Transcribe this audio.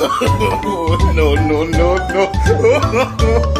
no, no, no, no.